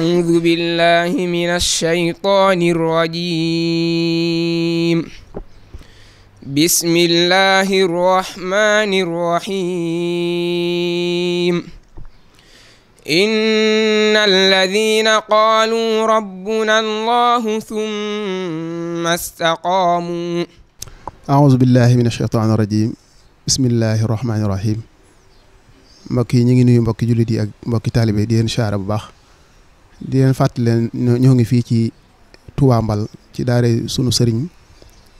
أعوذ بالله من الشيطان الرجيم بسم الله الرحمن الرحيم إن الذين قالوا ربنا الله ثم استقاموا أعوذ بالله من الشيطان الرجيم بسم الله الرحمن الرحيم mbokk yi ñu ngi nuyu mbokki jullit yi ak mbokki taalibe di leen siyaare bu baax di leen fàttali leen ñoo ngi fii ci Touba ci daara sunu sëriñ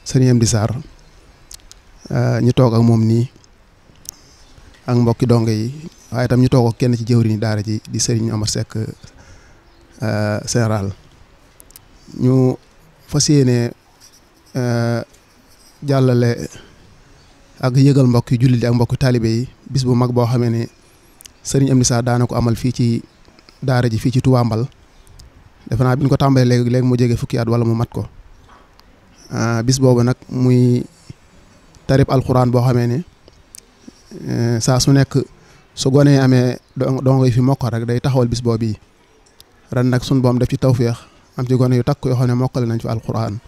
sëriñ Amdi Sarr euh, ñu toog ak moom nii ak mbokki dong yi waaye itam ñu toog ak kenn ci jëwriñu daara ji di sëriñ Amar Seck euh, général ñu fas yéene euh, jàllale ak yëgal mbokki jullit yi ak mbokki taalibe yi bis bu mag boo xamee ne sëriñ Amdi Sarr daana ko amal fii ci daara ji fii ci Touba defe naa bi ko tàmbalee léegi léegi mu jege fukki at wala mu mat ko ah, bis boobu nag muy tarib alxuraan boo xamee ne eh, saa su nekk su gonee amee dongo yi fi mokkal rek day taxawal bis boobu yi ren nag sun boom def ci tawféex am ci gone yu takk yoo xam ne mokkale nañ fi alxuraan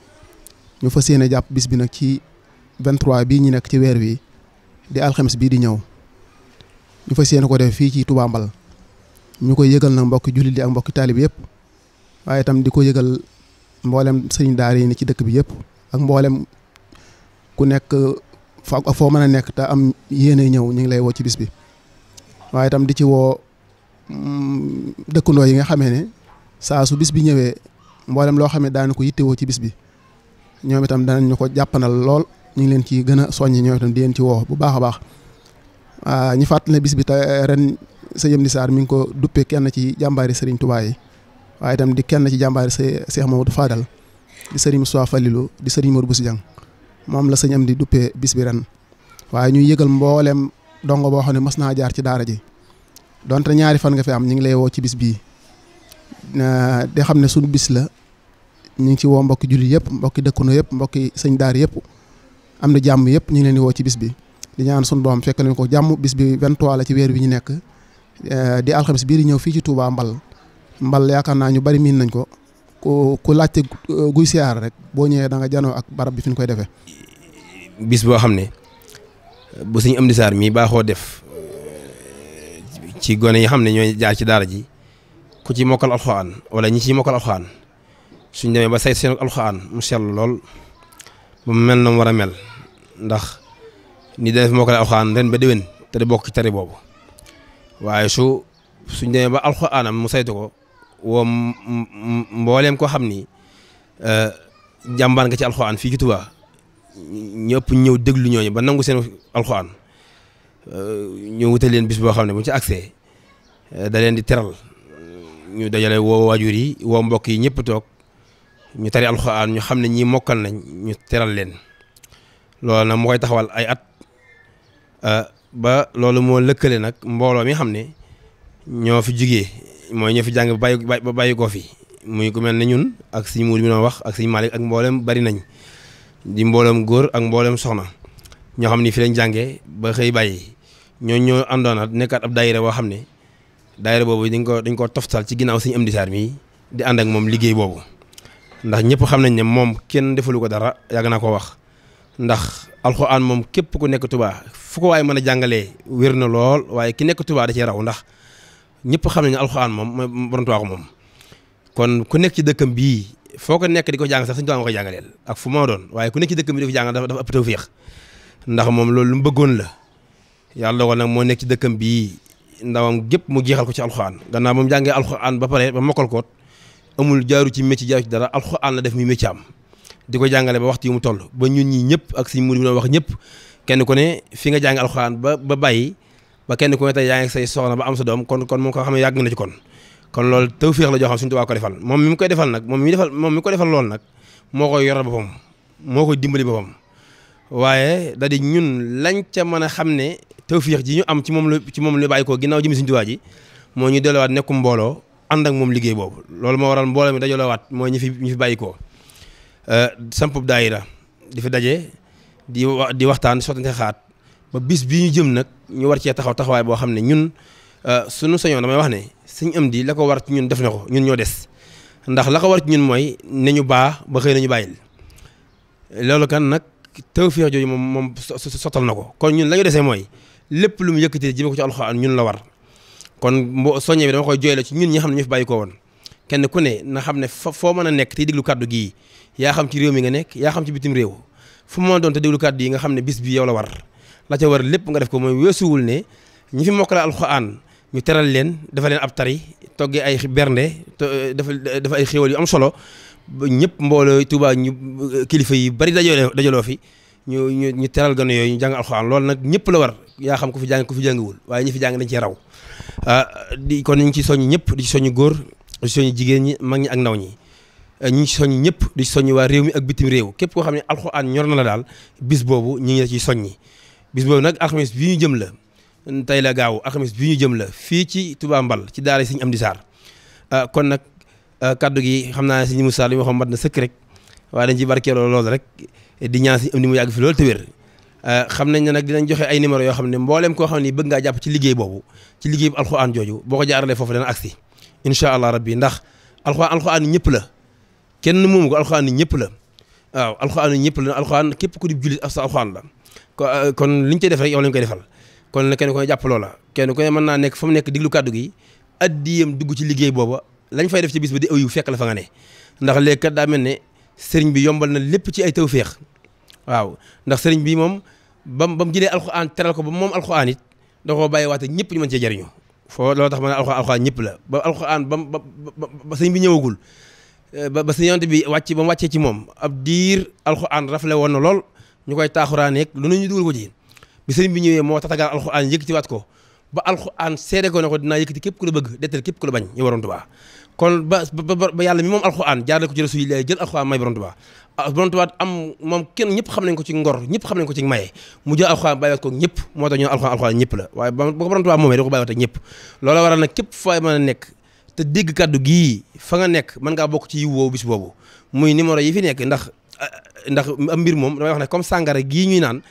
ñu fas yéene jàpp bis bi nag ci 23 bii ñu nekk ci weer wi di alxames bii di ñëw ñu fas yéene ko def fii ci Touba Mbal ñu koy yëgal nag mbokki jullit yi ak mbokki taalib yëpp. waaye itam di ko yëgal mboolem sëriñ daara yi ne ci dëkk bi yëpp ak mboolem ku nekk fa foo mën a nekk te am yéene ñëw ñu ngi lay woo ci bis bi waaye itam di ci woo mm, dëkkandoo yi nga xamee ne saa bis bi ñëwee mboolem loo xam ne daana ko yittewoo ci bis bi ñoom itam danañ ñu ko jàppanal lool ñu ngi leen ci gën a soññ ñoom itam di leen ci woo bu baax a baax ñi fàttali ne bis bi te ren sëñ Amdi Sarr mi ngi ko duppee kenn ci jàmbaari Serigne Touba yi waaye itam di kenn ci jàmbaari se Cheikh Mamadou Fadal di sëriñ Moussa Falilou di sëriñ Modou Bousso Dieng moom la sëñ am di duppee bis bi ren waaye ñuy yëgal mbooleem dongo boo xam ne mas naa jaar ci daara ji donte ñaari fan nga fi am ñu ngi lay woo ci bis bii di xam ne suñu bis la ñu ngi ci woo mbokki julli yëpp mbokki dëkkandoo yëpp mbokki sëñ daara yëpp am na jàmm yëpp ñu ngi leen di woo ci bis bi di ñaan suñu boom fekk nañ ko jàmm bis bi 23 la ci weer wi ñu nekk eh, di alxames biir di ñëw fii ci Touba Mbal mbal yaakaar naa ñu bari miin nañ ko ku ku laajte euh, guy siyaar rek boo ñëwee danga janoo ak barab bi fi koy defee. bis boo xam ne bu suñu am di saar mii baaxoo def euh, ci gone yi xam ne ñooy jaar ci daara ji ku ci mokkal alxuraan wala ñi ci mokkal alxuraan suñ demee ba say seen alxuraan mu seetlu lool ba mel na mu war a mel ndax ni def mokkal alxuraan ba déwén te bokk ci boobu waaye su suñ demee ba alxuraanam mu saytu ko. woo mbooleem koo xam ni euh, jàmbaar nga ci alxuraan fii ci Tuubaa ñëpp ñëw déglu ñooñu ba nangu seen alxuraan euh, ñu wutal leen bis boo xam ne bu ñu ci accès euh, da leen di teral ñu dajale woo waajur yi woo mbokk yi ñëpp toog ñu tari alxuraan ñu xam ne ñii mokkal nañ ñu teral leen loolu nag mu koy taxawal ay at ba loolu moo lëkkale nag mbooloo mi xam ne ñoo fi jugee mooy ñoo fi jàng ba bàyyi ba bàyyi ko fi muy ku mel ne ñun ak suñu muur bi doon wax ak suñu Malick ak mboolem bari nañ di mboolem góor ak mboolem soxna ñoo xam ni fi lañ jànge ba xëy bàyyi ñoo ñoo àndoonaat nekkaat ab daayira boo xam ne daayira boobu dañ ko dañ ko toftal ci ginnaaw suñu am di saar mii di ànd ak moom liggéey boobu ndax ñëpp xam nañ ne moom kenn defalu ko dara yàgg naa ko wax ndax alxuraan moom képp ku nekk tubaa fu ko waaye mën a jàngalee wér na lool waaye ki nekk tubaa ndax ñëpp xam nañu ne alxuraan moom mooy borom Tuubaa ko moom kon ku nekk ci dëkkam bii foo ko nekk di ko jàng sax suñu Tuubaa jàngaleel ak fu ma doon waaye ku nekk ci dëkkam bi di ko jàngal dafa dafa ëpp tawféex ndax moom loolu lu mu bëggoon la yàlla dogal nag moo nekk ci dëkkam bii ndawam gépp mu jeexal ko ci alxuraan gannaaw moom jàngee alxuraan ba pare ba mokkal ko amul jaaru ci métier jaaru ci dara alxuraan la def muy métier am di ko jàngale ba waxtu yu mu toll ba ñun ñi ñëpp ak suñu murid bi doon wax ñëpp kenn ku ne fi nga jàng alxuraan ba ba bàyyi ba kenn ku ne tey yaa ngi say soxna ba am sa doom kon kon moom ko xam ne yàgg na ci kon kon loolu tawféex la joo xam suñu Tuubaa ko defal moom mi mu koy defal nag moom mi defal moom mi ko defal loolu nag moo koy yoral boppam moo koy dimbali boppam waaye da ñun lañ ca mën a xam ne tawféex ji ñu am ci moom la ci moom la bàyyi koo ginnaaw jëmi suñu Tuubaa ji moo ñu delluwaat nekkum mbooloo ànd ak moom liggéey boobu loolu moo waral mbooloo mi waat mooy ñi fi ñi fi bàyyi koo euh, sampub daayira di fi daje di di waxtaan sottante xaat ba bis bii ñu jëm nag ñu war cee taxaw taxawaay boo xam ne ñun euh, suñu sañoon damay wax ne suñ am di la ko war ci ñun def na ko ñun ñoo des ndax la ko war ci ñun mooy ne ñu baax ba xëy nañu bàyyil loolu kan nag tawfeex jooju moom moom sottal na ko kon ñun la desee mooy lépp lu mu yëkkatee jëme ko ci alxuraan ñun la war kon mbo soññe bi dama koy jooyle ci ñun ñi xam ne ñu fi bàyyi ko woon kenn ku ne na xam ne fa foo mën a nekk tey déglu kàddu gii yaa xam ci réew mi nga nekk yaa xam ci bitim réew fu mu mën doon te déglu kàddu yi nga xam ne bis bi yow la war la ca war lépp nga def ko mooy weesuwul ne ñi fi mokkale alxuraan ñu teral leen dafa leen ab tari toggee ay bernde eh, dafa eh, dafa ay xéwal yu am solo ñëpp mbooloo Tuubaa ñu eh, kilifa yi bari dajaloo dajaloo fi ñu ñu ñu teral gano yooyu ñu jàng alxuraan loolu nag ñëpp la war yaa xam ku fi jàng fi jàngiwul waaye ñi fi jàng dañ ci raw ah, di kon ñu ngi ci soññ ñëpp di ci góor di ci soññ jigéen ñi mag ñi ak ndaw ñi ñu ngi ci ñëpp di ci soññ waa réew mi ak bitim réew képp koo xam ne alxuraan ñor na la daal bis boobu ñu ngi ci soñ ñi bis boobu nag alxames bi ñu jëm la tey la gaaw alxames bi ñu jëm la fii ci Touba Mbal ci daara Sëriñ Amdi Sarr ah, kon nag ah, kaddu gi xam naa ne Sëriñ Moussa li ma na sëkk rek waa dañ ci barkeeloo loolu rek di ñaan Sëriñ Amdi mu yàgg fi loolu te wér ah, xam nañ ne nag dinañ joxe ay numéro yoo xam ne mbooleem koo xam ne bëgg ngaa jàpp ci liggéey boobu ci liggéey bu alxuraan jooju boo ko jaaralee foofu dana agsi incha allah rabbi ndax alxuraan alxuraan ñëpp la kenn moomu ko ñëpp la waaw alxuraan ñëpp la alxuraan képp ku di jullit ak sa alxuraan Euh, kon liñ cey def rek yow lañ koy defal kon la kenn koy jàpp loola kenn ku ne mën naa nekk fa mu nekk diglu kàddu gi addiyam dugg ci liggéey booba lañ fay def ci bis ba di aw yu fekk la fa nga ne ndax léegi kat daa mel ne sëriñ bi yombal na lépp ci ay tawféex waaw ndax sëriñ bi moom bam ba mu jëlee alxuraan teral ko ba moom alxuraan it da koo bàyyi waate ñëpp ñu mën cee jariñu foo loolu tax ma ne alxuraan alxuraan ñëpp la ba alxuraan ba ba sëriñ bi ñëwagul euh, ba ba sëriñ bi wàcc ba wàccee ci moom ab diir alxuraan rafle woon na lool ñu koy taaxuraaneeg lu ne ñu dugal ko ji bi sëriñ bi ñëwee moo tatagal alxuraan yëkkati waat ko ba alxuraan seede ko ne ko dinaa yëkkati képp ku la bëgg dettal képp ku la bañ ñu ah, am moom kenn ñëpp xam nañ ko ci ngor ñëpp xam nañ ko ci maye mu jël alxuraan bàyyiwaat ko ñëpp moo tax ñu alxuraan alxuraan ñëpp la waaye ba ko borom Tuubaa moomee da ko bàyyiwaat ak ñëpp loola waral nag képp fa mën a nekk te dégg kaddu gii fa nga nekk man ngaa bokk ci yiw woowu bis boobu muy numéro yi fi nekk ndax Eh, ndax am mbir moom damay wax ne comme sàngara gii ñuy naan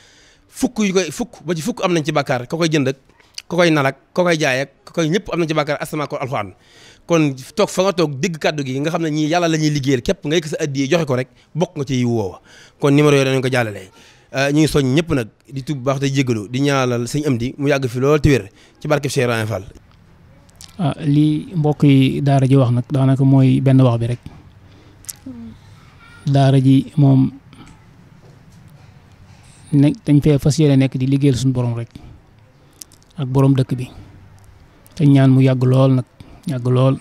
fukk yu koy fukk ba ci fukk am nañ ci bàkkaar ka koy jënd ak ka koy nal ak ka koy jaay ak ka koy ñëpp am na ci bàkkaar asamaa ko alxuraan kon toog fa toog dégg kàddu gi nga xam ne ñii yàlla la ñuy liggéeyal képp nga yëkk sa addi joxe ko rek bokk nga ci woowa kon numéro yooyu dañu ko jàllalee eh, ñu ngi soñ ñëpp nag di tub baax te jégalu di ñaalal sëñ am di mu yàgg fi lool te wér ci barke Cheikh Ibrahima Fall ah lii mbokk yi daara ji wax nag daanaka mooy benn wax bi rek daara ji moom nekk dañ fee fas yéene nekk di liggéeyal suñu borom rek ak boroom dëkk bi te ñaan mu yàgg lool nag yàgg lool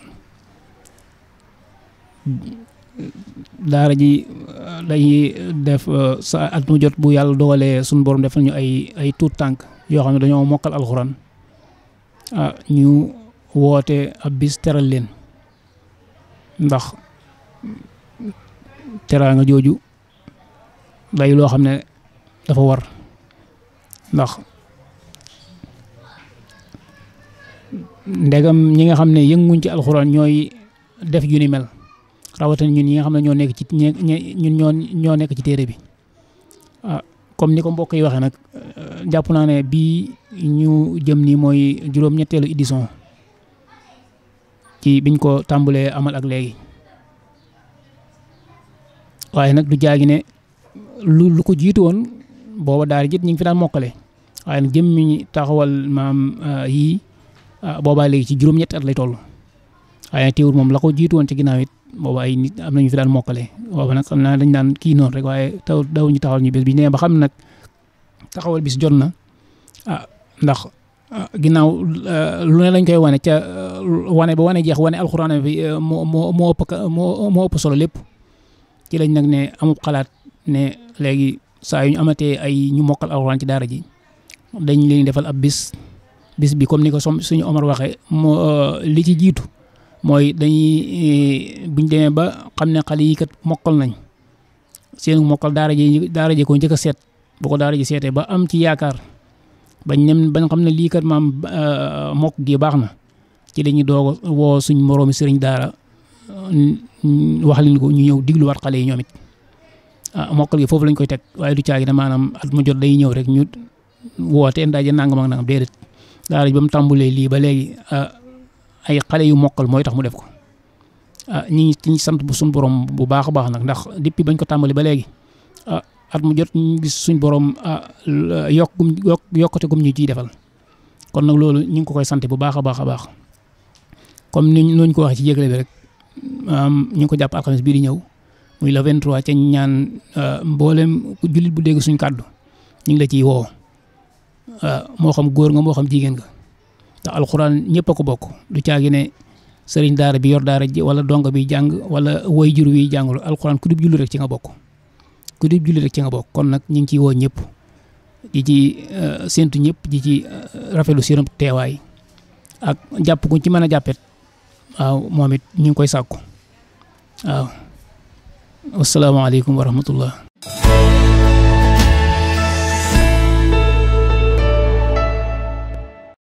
daara ji euh, dañuy def euh, sa at mu jot bu yàlla dogalee suñu borom def nañu ay ay tuut tànk yoo xam ne dañoo mokkal alxuraan ah ñu woote ab bis teral leen ndax teraanga jooju day loo xam ne dafa war ndax ndegam ñi nga xam ne yënguñ ci alxuraan ñooy def yu mel rawatina ñun ñi nga xam ne ñoo nekk ci ñun ñoo nekk ci téere bi ah comme ni ko mbokk yi waxee nag euh, jàpp naa ne bii ñu jëm ni mooy juróom-ñetteelu édition ci biñ ko tàmbalee amal ak léegi. waaye nag lu jaagi ne lu lu ko jiitu woon booba daar jit ñu ngi fi daan mokkale waaye nag jëmmi taxawal maam ah, yii ah, boobaa léegi ci juróom-ñetti at lay toll waaye teewul moom la ko jiitu woon ci ginnaaw it booba ay nit am nañu fi daan mokkale booba nag xam naa dañ daan kii noonu rek waaye taw daw ñu taxawal ñu bis bi nee ba xam nag taxawal bis jot na ah ndax ah, ginnaaw lu ne lañ koy wane ca wane ba wane jeex wane alxuraan bi moo moo moo ëpp moo ëpp solo lépp ci lañ nag ne amul xalaat ne léegi saa yu ñu amatee ay ñu mokkal alxuraan ci daara ji dañ leen defal ab bis bis bi comme ni ko suñu Omar waxee moo euh, li ci jiitu mooy dañuy euh, buñ demee ba xam ne xale yi kat mokkal nañ seen mokkal daara ji daara ji ko njëkk a seet bu ko daara ji seetee ba am ci yaakaar bañ nem bañ xam ne lii kat maam euh, mokk gi baax na ci la ñuy woo suñ moroomi sëriñ daara wax leen ko ñu ñëw digluwaat xale yi ñoom it ah mokkal gi foofu lañ koy teg waaye du caagi ne maanaam at mu jot day ñëw rek ñu woote ndaje nangam ak nangam déedéet daara ji ba mu tàmbalee lii ba léegi ah, ay xale yu mokkal mooy tax mu def ko ah ñi sant bu suñ borom bu baax a baax nag ndax depuis bañ ko tàmbali ba léegi a ah, at mu jot ñu suñ borom ah, yokk yokk yokkute gum ñu ciy defal kon nag loolu ñu ngi ko koy sant bu baax a baax a baax comme ni ñu ko wax ci yëgle bi rek. ñu ko jàpp alxames bii di ñëw muy le 23 ca ñaan euh, mboolem jullit bu dégg suñ kàddu ñu la ciy woo euh, moo xam góor nga moo xam jigéen nga ndax alxuraan ñëpp a ko bokk du caagi ne sëriñ daara bi yor daara ji wala donga bi jàng wala woy jur wi jàngul alxuraan ku dib julli rek ci nga bokk ku dib julli rek ci nga bokk kon nag ñu ngi ciy woo ñëpp di ci euh, séntu ñëpp di ci rafetlu seenum teewaay ak jàpp guñ ci mën a jàppet aw moom it ñu ngi koy sàkku waaw wasalaamaaleykum wa rahmatullah